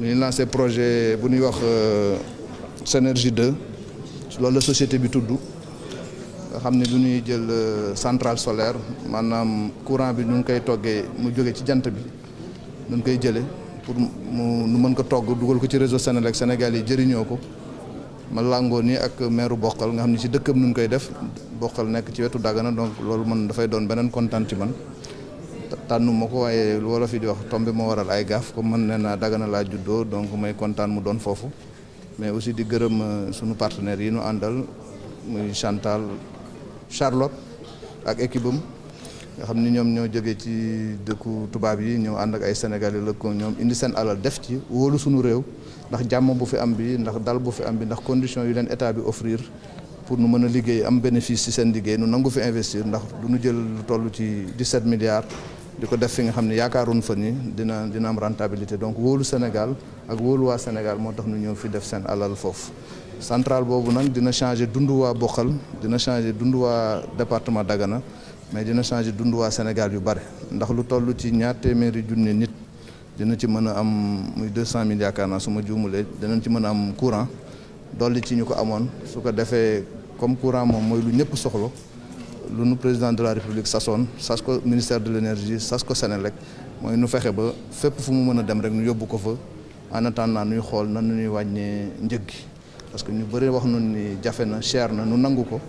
ñu ngi lancé projet bu ñuy wax euh, Synergie de loolu la société bi tudd nga xam ne du ñuy jël euh, centrale solaire maanaam courant bi ñu ngi koy toggee mu jóge ci jant bi ñu koy jële pour mu nu mën ko togg dugal ko ci réseau Sénélec Sénégal yi jëriñoo ko ma làngoo nii ak meeru bokkal nga xam ne ci dëkkam nu koy def bokkal nekk ci wetu daggana donc loolu man dafay doon beneen kontaan ci man tànnuma ko waaye wolof yi di wax tombé moo waral ay gaaf comme mën nee naa Dagana laa juddoo donc may kontaan mu doon foofu mais aussi di gërëm euh, suñu partenaires yi nu àndal muy Chantal Charlotte ak équipe nga xam ni ñoom ñoo jógee ci dëkku tubaab yi ñëw ànd ak ay Sénégalais la ko ñoom indi seen alal def ci wóolu suñu réew ndax jàmm bu fi am bi ndax dal bu fi am bi ndax condition yu leen état bi offrir pour nu mën a liggéey am bénéfice ci seen liggéey nu nangu fi investir ndax du ñu jël toll ci 17 milliards di ko def fi nga xam ne yaakaaroon fa nii dina dina am rentabilité donc wóolu Sénégal ak wóolu Sénégal moo tax ñu ñëw fi def seen alal foofu centrale boobu nag dina changer dund waa Bokhol dina changer dund waa département Dagana mais dina changer dund waa Sénégal yu bare ndax lu tollu ci ñaar téeméeri junni nit dina ci mën a am muy deux cent mille yaakaar naa su ma juumulee dinañ ci mën a am courant dolli ci ñu ko amoon su ko defee comme courant moom mooy lu ñëpp soxla lu nu président de la république sasoon sas ko ministère de l' sas ko Senelec mooy nu fexe ba fépp fu mu mën a dem rek nu yóbbu ko fa en naa nuy xool nan nu ñuy wàññee njëg gi parce que ñu bëri wax nu ni jafe na cher na nu nangu ko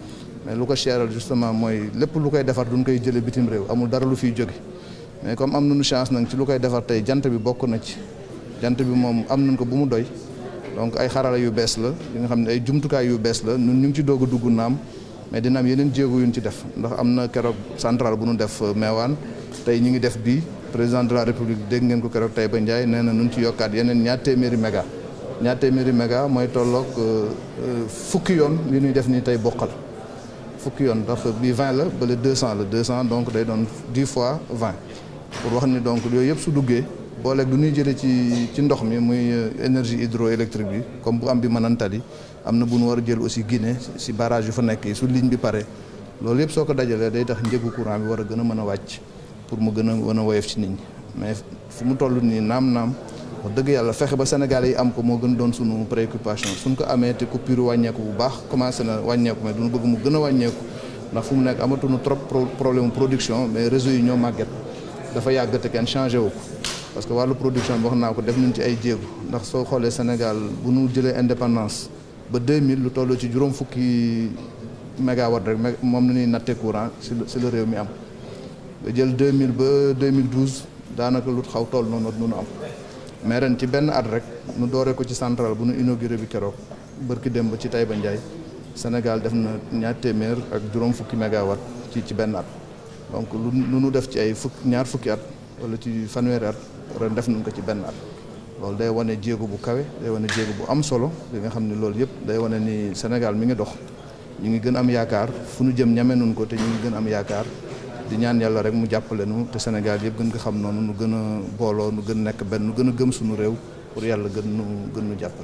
mais lu ko cheral justement mooy lépp lu koy defar duñ koy jëlee bitim réew amul dara lu fiy jóge mais comme am nañu chance nag ci lu koy defar tey jant bi bokk na ci jant bi moom am nañ ko bu mu doy donc ay xarala yu bees la yi nga xam ne ay jumtukaay yu bees la ñun ñu ngi ci doog a dugg naam mais dina yeneen jéego yu ñu ci def ndax am na keroog centrale bu ñu def euh, meewaan tey ñu ngi def bii président de la république dégg ngeen ko keroog tey ba Ndiaye nee na nu ci yokkaat yeneen ñaar téeméeri méga ñaar téeméeri méga mooy tolloog euh, euh, fukki yoon li ñuy def nii tey bokkal fukki yoon ndax bii 20 la ba le 200 la 200 donc day doon 10 fois 20 pour wax ni donc yooyu yëpp su duggee. booleeg lu ñuy jëlee ci ci ndox mi muy euh, énergie hydroélectrique bi comme bu am bi mën Manantali am na bu ñu war a jël aussi Guinée si barrage yu fa nekk yi su ligne bi pare loolu yëpp soo ko dajalee day tax njëgu courant bi war a gën a mën a wàcc pour mu gën a mën a woyof ci nit ñi mais fu mu toll nii naam-naam wax dëgg yàlla fexe ba sénégal yi am ko moo gën doon sunu préoccupation suñ ko amee te coupure wàññeeku bu baax commencé na wàññeeku mais duñu bëgg mu gën a wàññeeku ndax fu nekk amatuñu trop problème production mais réseau yi ñoo màgget dafa yàgg kenn changé wu parce que wàllu production bi wax naa ko def nañ ci ay jéego ndax soo xoolee Sénégal bu nu jëlee indépendance ba 2000 lu toll ci juróom fukki mégawatt rek moom la ñuy nattee courant si si réew mi am nga jël 2000 ba 2012 daanaka lu xaw toll noonu nu nu am mais ren ci benn at rek nu dooree ko ci central bu nu inauguré bi keroog bërki dem ba ci Taïba Ndiaye Sénégal def na ñaar téeméer ak juróom fukki mégawat ci ci benn at donc lu nu def ci ay fukk ñaar fukki at wala ci fanweeri at ren def nañ ko ci benn at loolu day wane jéego bu kawe day wane jéego bu am solo li nga xam ne loolu yëpp day wane ni Sénégal mi ngi dox ñu ngi gën am yaakaar fu nu jëm ñame nun ko te ñu ngi gën am yaakaar di ñaan yàlla rek mu jàppale nu te Sénégal yëpp gën ko xam noonu nu gën a booloo nu gën nekk benn nu gën a gëm suñu réew pour yàlla gën nu gën nu jàppale